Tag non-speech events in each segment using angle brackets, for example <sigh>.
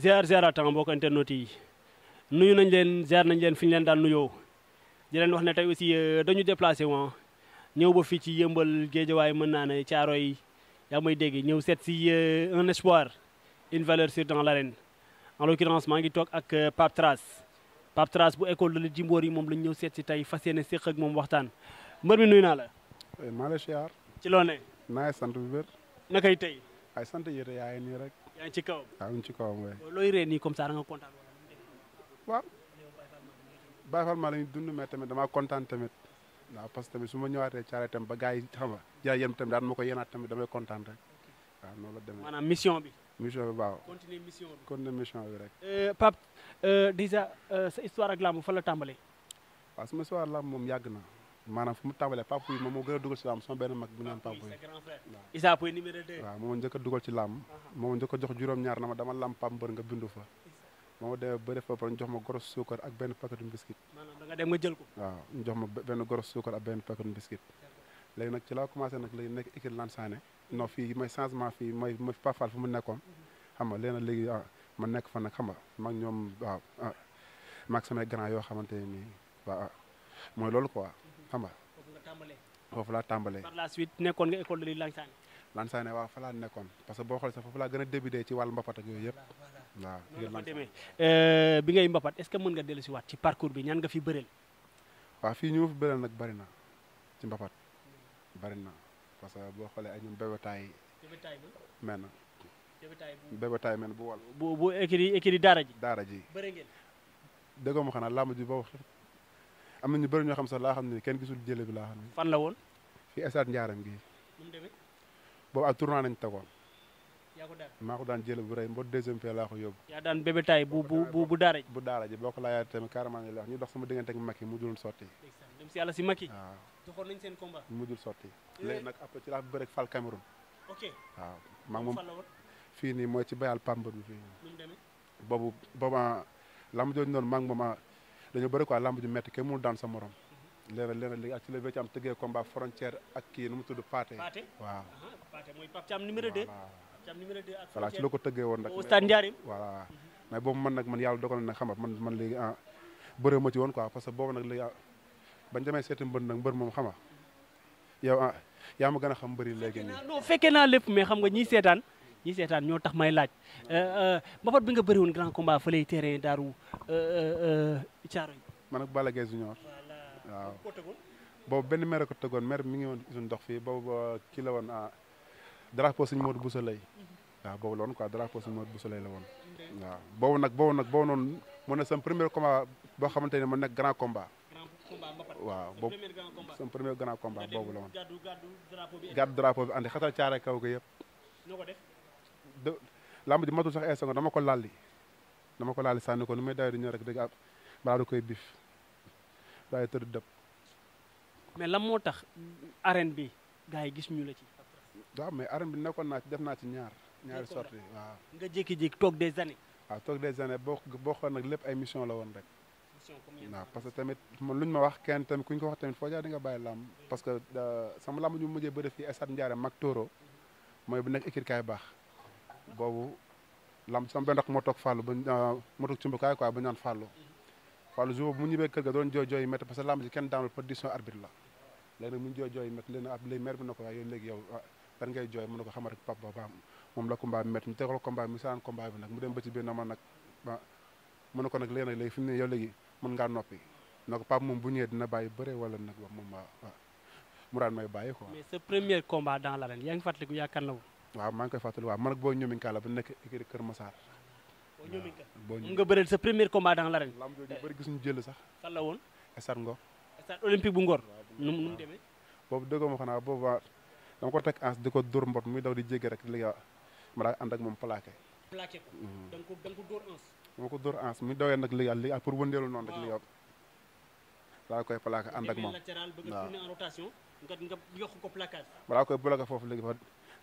ziar ziaratan mbokk internet yi nuyu nañ leen ziar nañ leen fi ñu leen daan nuyoo di leen wax ne tey aussi euh, dañu déplacé woon ñëw ba fii ci yëmbal géejawaay mën naa ne caaro yi yaa may dégg ñëw seet si euh, un espoir une valeur sûre dans l'arène en l'occurrence maa ngi toog ak euh, Pape Trace Pape Trace bu école de jimboor yi moom lañ ñëw seet si tey fas yéene séq ak moom waxtaan mbër mi nuyu naa la. maa la siyaar. ci loo ne. sant bu wér. na kay tey. ay sant yéen rek. yaa ci kawam yaa ngi ci kawam waaye. looy ree nii comme la ñu dund mais tamit damaa kontaan tamit waaw parce que tamit su ma ñëwaatee caare tamit ba gars yi xam nga jaay yem tamit daan ma tamit damay kontaan rek waaw noonu la demee. mission bi. mission bi waaw continuer mission bi. rek. Euh, Pape euh, déjà euh, sa ak làmb fan la tàmbalee. waaw sama histoire làmb moom yàgg na. maanaam fu mu tàmbalee Pape Pouye moom moo gën a dugal si làmb sama benn mag bu ñu naan Pape Pouye waaw moom njëkk a dugal ci làmb moom njëkk a jox juróom-ñaar na ma dama làmb Pape Mbër nga bindu fa moom demee ba def ba jox ma goros suukar ak benn paquetu biscuit maanaam da jël ko waaw ñu jox benn goros suukar ak benn paquetu biscuit léegi nag ci laa commencé nag léegi nekk équipe lan saane non fii may changement fii may ma pafal fu mu nekkoon xam nga léegi nag léegi ah, ma nekk fa nag xam nga mag ñoom waaw ah, mag samay grand yoo xamante nii waaw mooy loolu quoi xam nga tambale. laa par la suite nekkoon nga école de li Lansane Lansane waaw fa laa nekkoon parce que boo xoolee sax foofu laa gën débuté ci wàllu mbapat ak yooyu yëpp waaw noonu demee euh, bi ngay mbapat est ce que mën nga dellu si waat ci parcours bi ñaan nga fi bëreel waaw fii ñu fi na ci mbapat na parce que ay bu wal bu écrit écrit daara ji daara ji bëri ngeen dëggoo ji am na ñu bëri ñoo xam sax laa xam ne kenn gisul jële bi laa xam ne. fan la woon. fii stade Ndiarème gii. nu mu demee. boobu ak tournoi nañ tegoon. maa ko daan jële bu rëy mbo deuxième paie laa ko yóbbu. yaa bu bu bu bu daara ji. bu daara ji boo ko laajaatee tamit carrément ñu wax ñu si yàlla si Macky. waaw doxoon nañ seen combat. mu dul sotti. Eh. waaw maa ngi fii nii mooy ci bayal pambar bi fii. nu mu demee. boobu booba ma doon moom ah, dañoo bëri quoi lamb ji metti kenn mënul daan sa morom. léeg-léeg léeg-léeg ak ci la wécc tëggee combat frontière ak kii nu mu tudd Pathé. Pathé waaw Pathé a Pape Thiam numéro 2. Pape Thiam ci la ko tëggee woon nag. au stade Ndiarème voilà. mais boobu man nag man yàlla dogal na nag xam man man léegi ah bëree ma ci woon quoi parce que boobu nag léegi ah, bañ demee seeti mbër nag mbër moom xama yow ah yaa ma gën a xam mbëri léegi nii. fekkee naa lépp mais xam nga ñiy seetaan ñi seetaan ñoo tax may laaj euh, euh, mbapat bi nga bëri woon grand combat fële terrain daaru euh, Thiaroye. man ak Balla Junior waaw boobu benn maire ko tëggoon maire mi ngi woon suñu dox fii boobu kii la woon ah, drapeau suñu Modou Bousso lay mhm. waaw boobu la woon quoi waaw boobu nag boobu nag boobu noonu mu ne sama premier combat boo xamante ne mu nekk grand combat waaw boobu boobu la woon gàddu drapeau bi andi xatal caare kaw ko yëpp lamb ji matul sax instant dama ko li dama ko lalli sànni ko lu may dawe du ñëw rek dëgg ab balaa du koy bif daay tëdd dëpp. mais lan moo tax arène bi gars yi gis ñu la ci. waaw mais arène bi nekkoon naa ci def naa ci ñaar ñaari sorties waaw. nga jékki-jékki toog des années. waaw toog des années boo boo xool nag lépp ay mission la woon rek. waaw parce que tamit man lu ñu ma wax kenn tamit ku ñu ko wax tamit foo jaar di nga bàyyi làmb parce que euh, sama làmb ñu mujjee bëri fii Esat Ndiarème mag Toro mooy bu nekk écrikaay baax. boobu lam sama benn rakk moo toog fàllu ba ah, moo toog cumbukaay quoi ba ñaan fàllu fàllu jour jooy jooy métti parce ji kenn daanul par décision arbitre la léegi nag mu ngi jooy jooy métti léegi nag léegi maire bi na ko waaye yooyu léegi ah, na ko xamal rek la combat bi métti ñu tegal combat bi mu saan combat bi nag ba ci biir ma nag mën na ko nag léegi nag léegi fi mu waaw maa ngi koy fàttali waaw man ak boo ñoominka la ba nekk écurie Kër Massar. boo ñoominka boo ñoominka nga bëreel sa premier combat dans l'arène. lamb jooju bëri gis ñu jël sax. fan la woon. stade Ngor. stade olympique bu Ngor. nu mu nu mu demee. boobu dëggoo ma xanaa boobu dama ko teg ans di ko dóor mbot muy daw di jéggi rek léegi ma daal ànd ak moom plaqué. plaqué ko. Mm-hmm. da ko da ko dóor ans. dama ko dóor ans muy dawee nag léegi léegi pour wëndeelu noonu rek léegi balaa koy plaqué ànd ak moom. waaw nga koy bloqué foofu léegi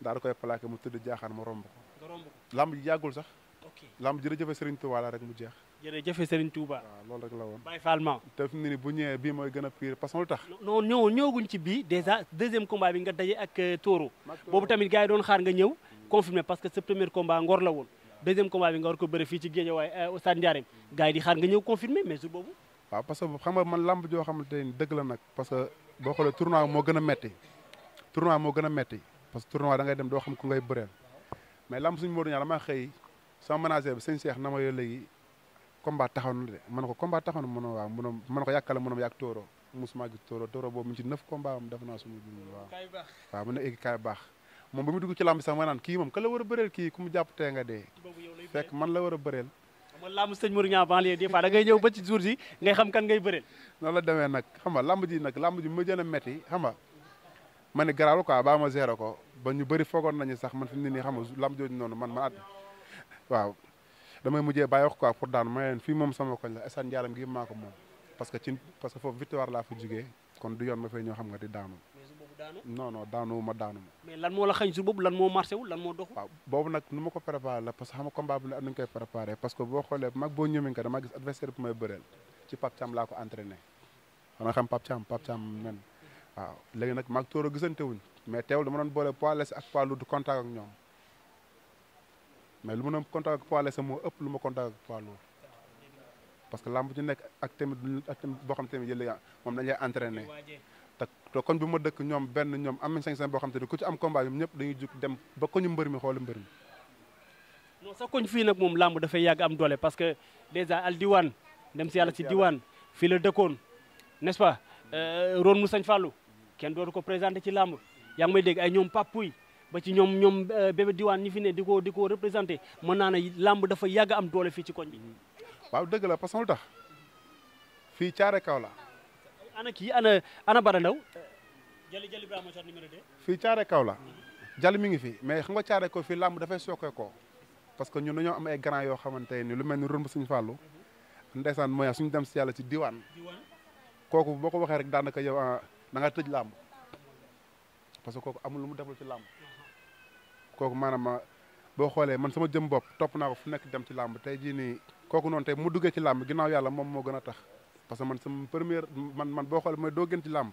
daal koy plaqué mu tëdd jaaxaan ma romb ko. nga romb ko lamb ji yàggul sax. ok lamb jërëjëf Serigne Touba la rek mu jeex. jërëjëf Serigne Touba. waaw loolu rek la woon. Baye Fall ma. te fi mu ne nii bu ñëwee bii mooy gën a pire parce que lu tax. non ñëw ñëwaguñ ci bii dèjà deuxième combat bi nga daje ak euh, Toro. boobu euh, tamit gars yi doon xaar nga ñëw. Hmm. confirmé parce que sa premier combat ngor la woon. deuxième combat bi nga war ko bëre fii ci Guédiawaye euh, au stade Ndiarème hmm. gars yi di xaar nga ñëw confirmé mais jour boobu. waaw parce que xam nga man lamb joo xamante ni dëgg la nag parce que boo xoolee tournoi moo gën a metti tournoi moo gën a metti parce que tournoi da ngay dem doo xam ku ngay bëreel mais lamb suñu Modou Niang dama xëy de mën ko a waaw mën mën ko yàkkale mënom yàgg tóoro musuma gis tóoro tóoro boobu moom ba mu ma naan kii moom ka la war a bëreel kii ku la war a bëreel man lamb sëñ Modou Niang banlieue des fois da ñëw ba ci jour ngay xam kan ngay bëreel noonu la demee nag xam nga lamb ji nag lamb ji ma metti xam mané ne garaawul quoi baa ma gérer ko ba ñu bari foogoon nañu sax man fi ni ne xam nga lam jooju noonu man ma at waaw damay mujjé bay wax quoi pour daan ma leen fii moom sama koñ la essan njaaram gi mako mom parce que ci parce que fofu victoire la fa jugee kon du yoon ma fay ñoo xam nga di daanu non non daanu ma daanu mais lan mo la xañ sur bobu lan mo marché wul lan mo dox waaw bobu nak numa ko préparer la parce que xam combat bu la am nañu koy préparé parce que bo xolé mak bo ñëwee nga dama gis adversaire bu may bëreel ci Pape Thiam laa ko entraîner xanaa xam Pape Thiam Pape Thiam men waaw léegi nag maag Tóoro gisante wuñ mais teewul dama doon boole poids léger ak poids lourd contact ak ñoom mais lu ma doon contact ak poids léger ëpp lu ma contact ak poids lourd parce que làmb ci nekk ak tamit ak boo xam ne tamit yële moom dañ lay entraîné te te kon bi ma dëkk ñoom benn ñoom am nañ cinq cent boo xam te ne ku ci am combat bi ñëpp dañuy dem ko ñu mbër mi xool mbër mi. non sax koñ fii nag moom làmb dafay yàgg am doole parce que déjà al diwaan dem si yàlla si diwaan fii la dëkkoon n'est-ce pas. Euh, Ron mu sañ Fallou. kenn dootu ko présenté ci làmb yaa ngi may dégg ay ñoom papuy ba ci ñoom ñoom euh, bébé diwaan ñi fi ne di ko di ko représenté mën naa ne làmb dafa yàgg am doole fii ci koñ bi. waaw dëgg la parce que lu tax fii caare kaw la. ana kii ana ana Bada Ndaw. Jali Jali Ibrahima Sot numéro 2. fii caare kaw la Jali mi ngi fi mais xam nga caare ko fii làmb dafay sookee ko parce que ñun dañoo am ay grand yoo xamante ni lu mel ni rumb suñu fàllu ndeysaan mooy suñu dem si yàlla ci diwaan kooku boo ko waxee rek daanaka yow ah, da nga tëj làmb parce que kooku amul lu mu deful ci làmb kooku maanaam boo xoolee man sama jëm bopp topp naa ko fu nekk dem ci làmb tey jii nii kooku noonu tey mu duggee ci làmb ginnaaw yàlla moom moo gën a tax parce que man sama première man man boo xoolee mooy doo gën ci làmb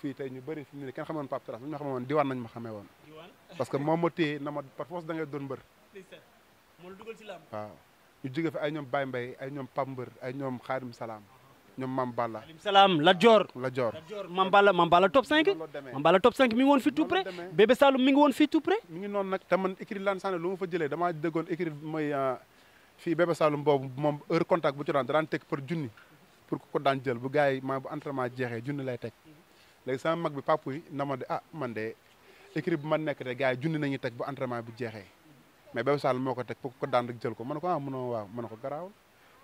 fii tey ñu bëri fi mu ne kenn xamoon Pape Terrasse ñu ma xamee woon diwaan nañ ma xamee woon parce que moom ma téye na ma par force ngay doon mbër waaw ñu jóge ay ñoom Baye Mbaye ay ñoom Pape Mbër ay ñoom Xaadim Salaam ñoom Mame Balla. salaam Lat Dior. Lat Dior Mame Balla Mame Balla top 5. Mame Balla top 5 mi ngi woon fii tout près. Bébé Saloum mi ngi woon fii tout près. mi ngi noonu nag te man écrit lan sànni lu ma fa jëlee damaa déggoon écrit mooy euh, moom heure contact bu ci daan daan teg par junni ko daan jël bu gars ma bu entraînement jeexee junni lay teg léegi sama mag bi papu yi na ma de ah man de écrit bu man nekk de gars yi junni nañuy teg bu entraînement bi jeexee mais Bébé Saloum moo ko teg pour ko daan rek jël ko ma ne ko ah mënoo waaw ma ne ko garaawul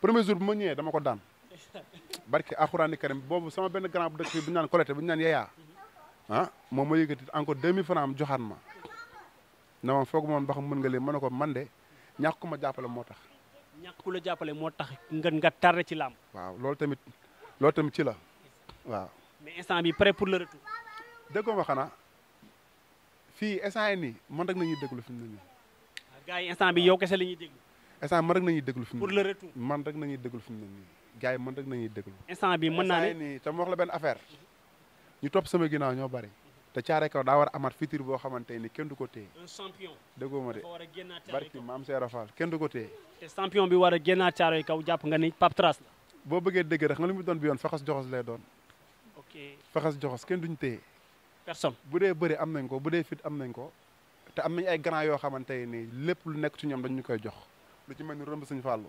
premier jour bu ma ñëwee dama ko daan <laughs> barke alxuraani karim boobu sama benn grand bu dëkk bi bu ñu naan bu ñu naan yeyaa ah moom ma yëkkati encore 2000 francs am joxaat ma na ma foog moom ba xam mën nga leen mën na ko man de ñàkk ku ma jàppale moo tax. ñàkk ku la jàppale moo tax nga nga rek ci làmb. waaw loolu tamit loolu tamit ci la waaw. mais instant bi prêt pour le retour. déggoo ma xanaa fii instant bi nii man rek nañuy déglu fi mu ne ah, yi instant bi yow kese la ñuy déglu. instant man rek nañuy déglu fi mu ne nii. pour le retour man fi mu ne gars yi mën rek nañuy déglu. instant bi mën naa ne te mu wax la benn affaire ñu topp sama ginnaaw ñoo bari te caare kaw daa war a amaat futur boo xamante ni kenn du ko téye. un champion. déggoo ma kenn du ko téye. te champion bi war a kaw jàpp nga ni Pape Trace boo bëggee dégg rek nga lu mu doon bi yoon faxas joxos lay doon. ok faxas joxos kenn duñ téye. personne bu dee bëri am nañ ko bu dee am nañ ko te am nañ ay grand yoo xamante ni lépp lu nekk ci ñoom dañ ñu koy jox lu ci mel ni rëmb suñu fàllu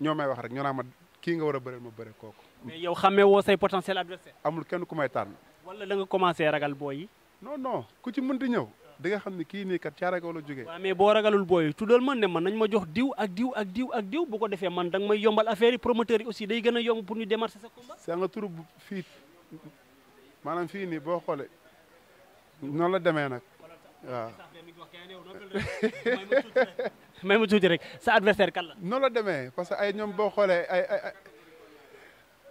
ñoo may wax rek ñoo naa ma kii nga war a bëreel ma bëre kooku. mais yow xamee woo say potentiel adversaire. amul kenn ku may tànn. wala da nga ragal booy yi. non ku ci ti ñëw. di nga xam ne kii nii kat caare ko la jóge mais boo ragalul booy yi tuddal man ne man nañ ma jox diw ak diw ak diw ak diw bu ko defee man danga may yombal affaire yi promoteur yi aussi day gën a yomb pour ñu démarrer sa combat. c'est nga turu fii maanaam fii nii boo xoolee noonu la demee nag waaw. <laughs> may mu tuuti rek sa adversaire kan la. noonu la demee parce que ay ñoom boo xoolee ay ay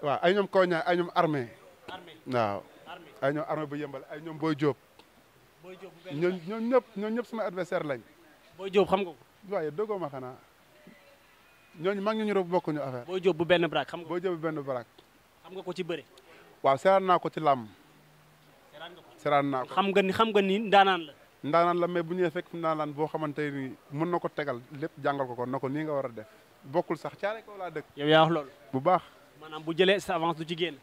waaw ay ñoom Koña ay ñoom armée waaw ay ñoom armée bu yëmbal ay ñoom Boy Diop. Boy Diop ñoom ñëpp ñoom ñëpp sama adversaire lañ. Boy Diop xam nga ko. waaye dëggoo ma xanaa ñooñu mag ñu ñu rob bokkuñu affaire. Boy Diop bu benn baraak xam nga ko Boy Diop bu benn baraak. xam nga ko ci bëre. waaw seeraan naa ko ci làmm. seeraan naa ko xam nga ni xam nga ni ndaanaan la. ndaanaan la mais bu ñëwee fekk ndaanaan boo xamante ni mën na ko tegal lépp jàngal ko ko na ko nii nga war a def bokkul sax caare ko laa dëkk. yow yaa wax loolu. bu baax. maanaam bu jëlee sa avance du ci génn.